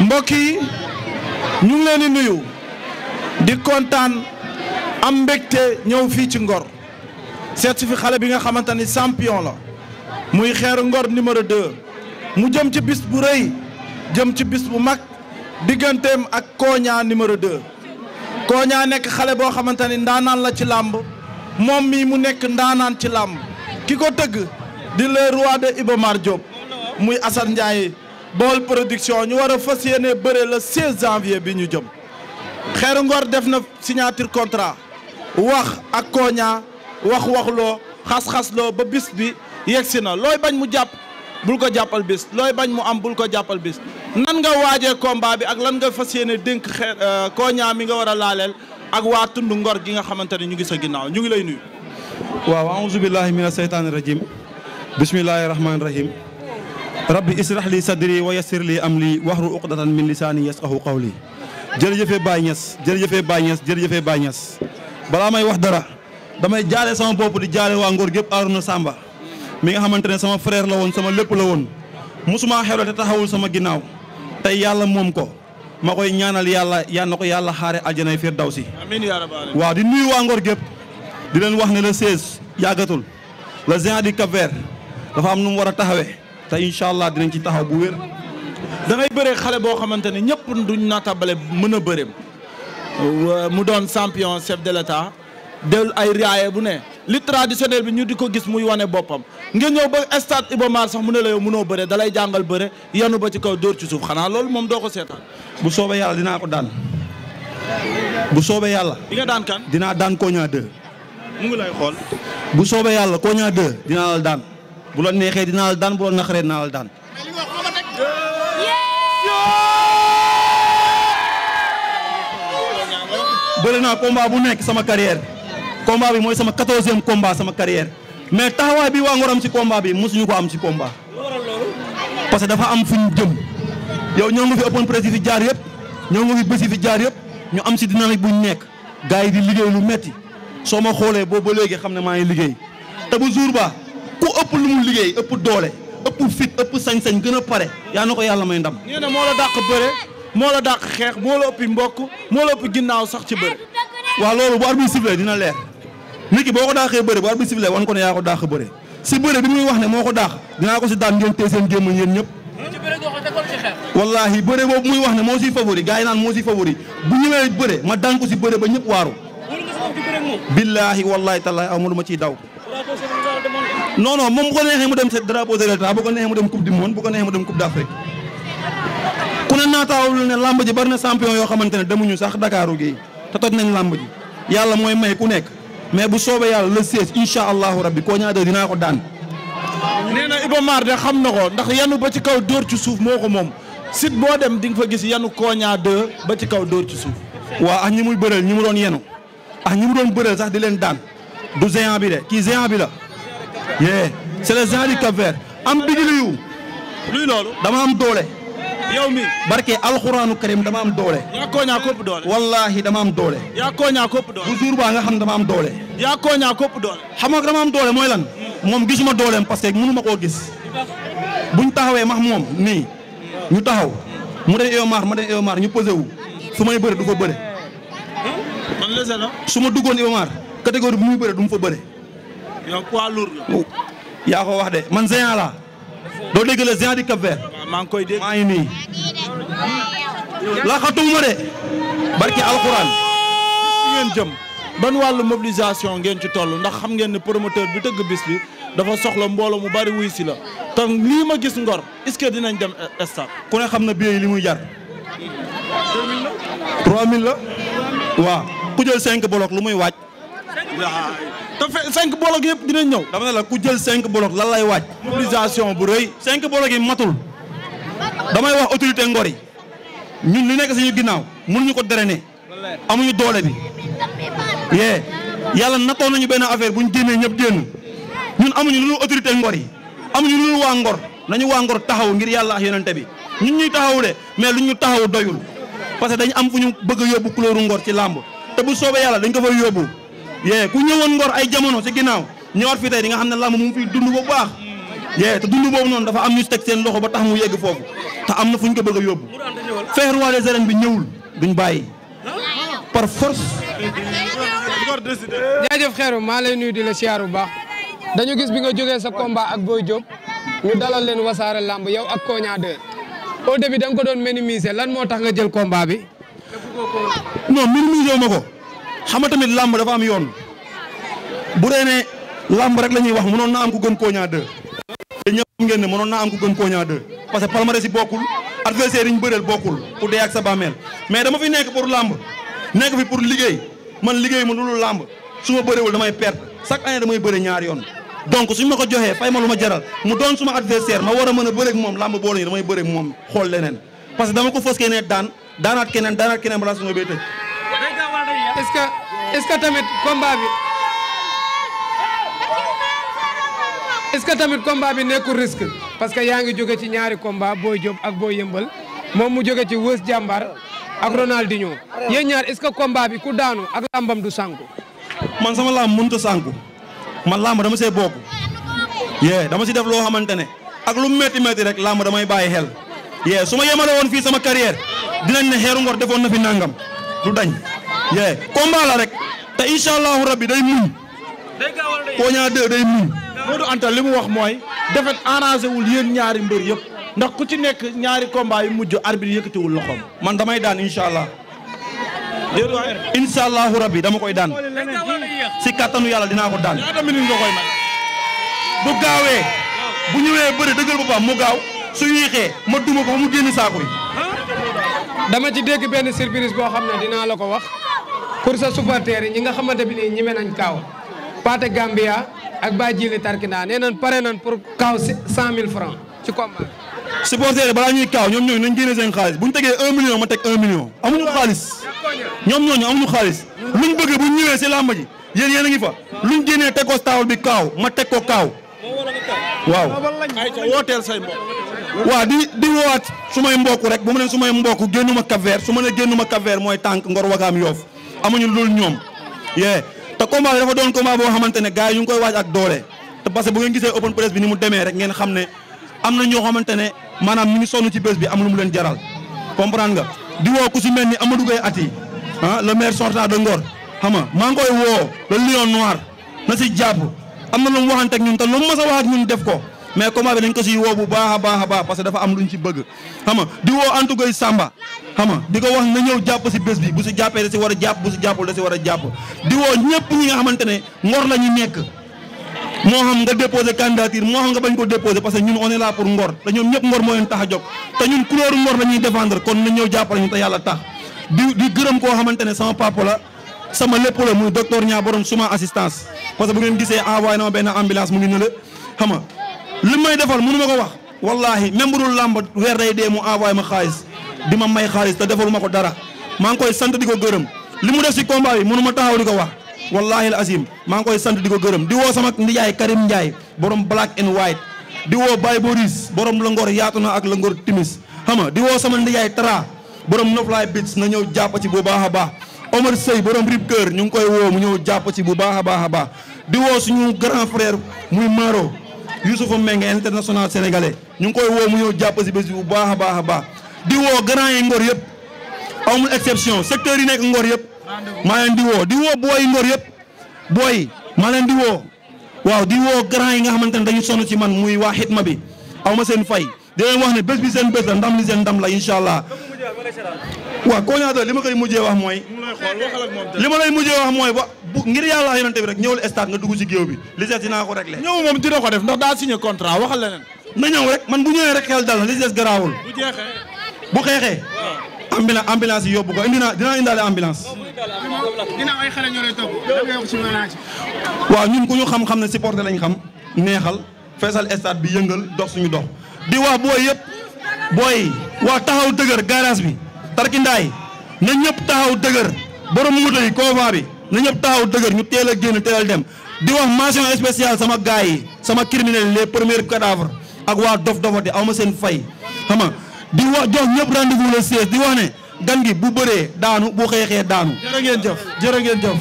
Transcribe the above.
mbokk yi ñu ngi leen di nuyu di kontaan am mbégte ñëw fii ci Ngor seet fi xale bi nga xamante ni champion la muy xeeru Ngor numéro 2 mu jëm ci bis bu rëy jëm ci bis bu mag digganteem ak Koña numéro 2. Koña nekk xale boo xamante ni ndaanaan la ci làmb moom mii mu nekk ndaanaan ci làmb ki ko tëgg di le roi de Iba muy Assane Ndiaye. Baol production ñu war a fas yéene bëre le 16 janvier bi ñu jëm Xeeru Ngor def na signature contrat wax ak Koña wax waxloo xas-xasloo ba bis bi yegsi na looy bañ mu jàpp bul ko jàppal bis looy bañ mu am bul ko jàppal bis nan nga waajee combat bi ak lan nga fas yéene dénk xeer euh, Koña mi nga war a laaleel ak waa tund Ngor gi nga xamante ne ñu ngi sa ginnaaw ñu ngi lay nuy waaw aouzu billahi mina seytaani rajim bismillahi rahmaani rahim. rabbi israh sa sadri wa yassir li amri waxru uqdatan min lisaani yafqahu qawli jërëjëfee Baye Niass jërëjëfee Baye Niass jërëjëfee Baye Niass balaa may wax dara damay jaale sama bopp di jaale waa Ngor gépp Arouna Samba mi nga xamante ne sama frère la woon sama lépp la woon mosuma xewle te taxawul sama ginnaaw tey yàlla moom ko ma koy ñaanal yàlla yal na ko yàlla xaare aljanay firdawsi waaw di nuyu waa Ngor gépp di leen wax ne le 16 yàggatul le géant du Cap-Vert dafa nu mu war a taxawee te allah dinañ ci taxaw bu wér. da ngay bëree xale boo xamante ne ñëpp duñ naatable mën a bëreem mu doon champion chef de l'état del ay riaye bu ne li traditionnel bi ñu di ko gis muy wane boppam nga ñëw ba stade Iba sax mu ne la yow mënoo bëre dalay jàngal bëre yanu ba ci kaw dóor ci suuf xanaa loolu moom doo ko seetaan. bu soobee yàlla dinaa ko daan bu soobee yàlla. di nga daan kan dinaa daan Koña 2. mu ngi lay xool. bu soobee yàlla Koña 2 dinaa la daan. bu la neexee dinaa la daan bu la naqaree dinaa la daan. bëri naa combat bu nekk sama carrière combat bi mooy sama quatorzième combat sama carrière mais taxawaay bi waa Ngor am ci combat bi mosuñu ko am ci combat. parce que dafa am fu ñu jëm yow ñoo ngi fi ëppoon président jaar yëpp ñoo ngi fi bési fi jaar yëpp ñu am si dynamique bu ñu nekk gars yi di liggéey lu metti soo ma xoolee boobu ba léegi xam ne maa ngi liggéey te bu jour ba ku ëpp lu mu liggéey ëpp doole ëpp fit ëpp sañ-sañ gën a pare yaa na ko yàlla may ndam. nee moo la dàq bëre moo la dàq xeex moo la ëppi mbokk moo la ëpp ginnaaw sax ci bëre. waaw loolu bu arbitre sifflé dina leer nit ki boo ko dàqee bëre bu arbitre sifflé wan ko ne yaa ko dàq bëre si bëre bi muy wax ne moo ko dàq dinaa ko si daan ngeen seen gémmañ yéen ñëpp. wallaahi bëre boobu muy wax ne moo siy favori gars yi naan moo siy favori bu ñëwee bëre ma daan ko si bëre ba ñëpp waaru. billaahi wallaahi tallaahi amul ma ciy daw non moom bu ko neexee mu dem drapeau de l'État bu ko neexee mu dem coupe du monde ku ne naataawul ne lamb ji bari na champion yoo xamante ne demuñu sax Dakaaru gi te toj nañ lamb ji yàlla mooy may ku nekk mais bu soobee yàlla le 16 incha allahu rabbi koo ñaata dinaa ko daan. nee na Iba de xam na ko ndax yanu ba ci kaw dóor ci suuf moo ko moom site boo dem di nga fa gis yanu Koña 2 ba ci kaw dóor ci suuf. waaw ak ñi muy bëreel ñi mu doon yenu ak ñi mu doon bëreel sax di leen daan du géant bi de kii géant bi la. yee c' est le genre du Cap Vert am bigili yu. luy loolu dama am doole. yow mi barke alxuraanu karim dama am doole. yaa kooñaa kopp doole. wallaahi dama am doole. yaa kooñaa kopp doole. bu jour baa nga xam dama am doole. yaa kooñaa kopp xam nga dama am doole mooy lan. moom gisuma dooleem parce que mënu ma koo gis. bu ñu taxawee max moom nii. ñu taxaw mu dem Iomar ma dem Iomar ñu posé wu su may bëre du fa bëre. man la su ma duggoon Iomar catégorie bu muy bëre du mu fa bëre. yow poids lourd yaa ko wax de man géant laa. doo dégg la géant di Cap maa ngi koy dégg maa ngi nii. laxatuma de. barki alxuraan. ngeen jëm ban wàll mobilisation ngeen ci toll ndax xam ngeen ne promoteur bi tëgg bis bi dafa soxla mbooloo mu bari wuy si la te lii ma gis ngor est-ce que dinañ dem eh, stade. ku ne xam na billet yi li muy jar. 3000 la. la. waaw ku jël 5 bolok lu muy waaj. te fe cinq bolok yëpp dinañ ñëw. dama ne la ku jël cinq bolok lan lay waaj. mobilisation bu rëy. cinq bolok yi matul. damay wax autorité ngor yi ñun li nekk suñu ginnaaw ñu ko drainer. amuñu doole bi. yee yàlla nattoon nañu benn affaire bu ñu génnee ñëpp génn ñun amuñu lu autorité ngor yi ñu lu waa ngor nañu waa ngor taxaw ngir yàlla ak yonente bi ñun ñuy taxaw de mais lu ñu taxaw doyul parce que dañu am fu ñu bëgg a yóbbu couleur ngor ci làmb te bu soobee yàlla dañ ko fay yóbbu. yee ku ñëwoon ngor ay jamono ci ginnaaw ñëwaat fi tey di nga xam ne làmb mu fi dund bu baax yee te dund boobu noonu dafa am ñu teg seen loxo ba tax mu yegg foofu te am na fu ñu ko bëgg a yóbbu feex roi des arènes bi ñëwul duñ bàyyi par force jaajëf xeeru maa lay nuy di la siyaar bu baax dañu gis bi nga jógee sa combat ak Boy Diop ñu dalal leen wasaare làmb yow ak Kogna 2 au début da nga ko doon minimiser lan moo tax nga jël combat bi non minimiser ma ko xam nga tamit làmb dafa am yoon bu dee ne làmb rek la ñuy wax mënoon noon am ku gën Konia 2. te ñëpp ne mënoon naa am ku gën Konia 2 parce que palmarès yi bokkul adversaire yi ñu bëreel bokkul ku dee ak sa bàmmeel mais dama fi nekk pour làmb nekk fi pour liggéey man liggéey ma loolu làmb su ma bëreewul damay perte chaque année damay bëre ñaar yoon. donc suñ ma ko joxee fay ma lu ma jaral mu doon suma adversaire ma war a mën a bëreeg moom làmb boole ñu damay bëreeg moom xool leneen parce que dama ko fas keneen daan daanaat keneen daanaat keneen balaa su ma est que est-ce tamit combat bi est-ce que tamit combat bi nekkul risque parce que yaa ngi jóge ci ñaari combat boo Diop ak Boy Yëmbal moom mu jóge ci Wës Jàmbar ak Ronaldinho yéen ñaar est-ce que combat bi ku daanu ak làmbam du sànku man sama làmb mënut a man làmb dama see bokk yee dama si def loo xamante ne ak lu métti métti rek làmb damay bàyyi xel yee su ma yemale woon fii sama carrière dinañ ne Xeeru defoon na fi nangam du dañ yee combat rek te incha allahu rabbi day muñ Konia 2 day muñ Modou Anta li mu wax mooy defet arrangé wul yéen ñaari mbër yëpp ndax ku ci nekk ñaari combat yu mujj arbitre yëkkatiwul loxoom man damay daan incha allah incha allahu rabbi dama koy daan si kattanu yàlla dinaa ko daan bu gaawee bu ñëwee bëri dëggal boppam mu gaaw su yéexee ma duma ko ba mu génn saako dama ci dégg benn surprise boo xam ne dinaa la ko wax pour sa supporters yi ñi nga xamante bi nii ñime nañ kaaw Paate Gambia ak Ba Jili Tarkindaa nee nañ pare nañ pour kaaw cent mille francs ci combat supporters yi balaa ñuy kaaw ñoom ñooñu nañ génne seen xaalis bu ñu tegee un million ma teg un million amuñu xaalis ñoom ñooñu amuñu xaalis luñ bëggee bu ñëwee si làmb ji yéen yéen a ngi fa luñ génnee teg ko taawul bi kaaw ma teg ko kaaw waaw wooteel say mbokk waaw di di woowaat su may mbokk rek bu ma ne su may mbokk génnuma Cap-Vert su ma ne génnuma cap mooy tànk Ngor Wakaam Yoof amuñu loolu ñoom yee te combat bi dafa doon combat boo xamante ne gars yu ñu ngi koy waaj ak doole te parce que bu ngeen gisee open press bi ni mu demee rek ngeen xam ne am na ñoo xamante ne maanaam ñu ngi sonn ci bés bi am lu mu leen jaral comprendre nga di woo ku si mel ni Amadou Gueye Ati ah le maire sortant de Ngor xam nga maa ngi koy woo le lion noir na si jàpp am na lu mu waxante ak ñun te lu mu mas a wax ak ñun def ko mais combat bi dañ ko siy woo bu baax a baax a baax parce que dafa am luñ ci bëgg xam di woo Antou Gueye Samba xam di ko wax na ñëw jàpp si bés bi bu si jàppee da si war a jàpp bu si jàppul da si war a jàpp di woo ñëpp ñi nga xamante ne ngor la ñu nekk moo xam nga déposé candidature moo xam nga bañ ko déposé parce que ñun on est là pour ngor te ñoom ñëpp ngor moo leen tax a jóg te ñun couleur ngor la ñuy kon na ñëw jàppale ñu te yàlla tax di koo xamante ne sama papa la sama lépp la muy docteur ñaa borom gisee envoyé na ma li may defal mënu ma ko wax wallahi même bu dul làmb weer day dee mu envoyé ma xaalis di ma may xaalis te defaluma ko dara maa ngi koy sant di ko gërëm li mu def si combat bi mënu ma taxaw di ko wax wallahi al azim maa ngi koy sant di ko gërëm di woo sama nijaay Karim Ndiaye borom black and white di woo Baye Boris borom la ngor yaatu na ak la ngor timis xam di woo sama nijaay Tra borom Noflaay Beats na ñëw jàpp ci bu baax a baax Omar Sey borom Rip Keur ñu ngi koy woo mu ñëw jàpp ci bu baax a a baax di woo suñu grand frère muy Maro. Youssoupha Mbengue international sénégalais ñu ngi koy woo mu ñëw jàpp si bés bu baax baax a baax di woo grand yi ngor yëpp amul exception secteur yi nekk ngor yëpp maa leen di woo di woo booy ngor yëpp booy maa leen di woo waaw di woo grand yi nga xamante ne dañu sonn ci man muy waa xitma bi aw ma seen fay di leen wax ne bés bi seen bés la ndam li seen ndam la incha allah waaw koo ñaata li ma koy mujjee wax mooy li ma lay mujjee wax mooy ba bu ngir yàlla yonente bi rek ñëwul stade nga dugg ci géew bi li des dinaa ko réglé ñëw moom dina ko def ndax daa signé contrat waxal leneen na ñëw rek man bu ñëwee rek xel dal na li des garaawul bu jeexee bu xeexee ambulance yóbbu ko indi naa dinaa indaale ambulance dinaa ñun ku ñu xam-xam ne supporter lañ xam neexal feesal stade bi yëngal dox suñu dox di waa booy yëpp booy waa taxaw dëgër garage bi tarkindaay na ñëpp taxaw dëgër borom moto yi convoi bi na ñëpp taxaw dëgër ñu teel a génn teel a dem di wax mention spéciale sama gars yi sama criminel les première cadavres ak waa dof dofati am ma seen fay xam nga di wax jox ñëpp rendez-vous le 16 di wax ne gan gi bu bëree daanu bu xeexee daanu jërë ngeen jëf jërë ngeen jëf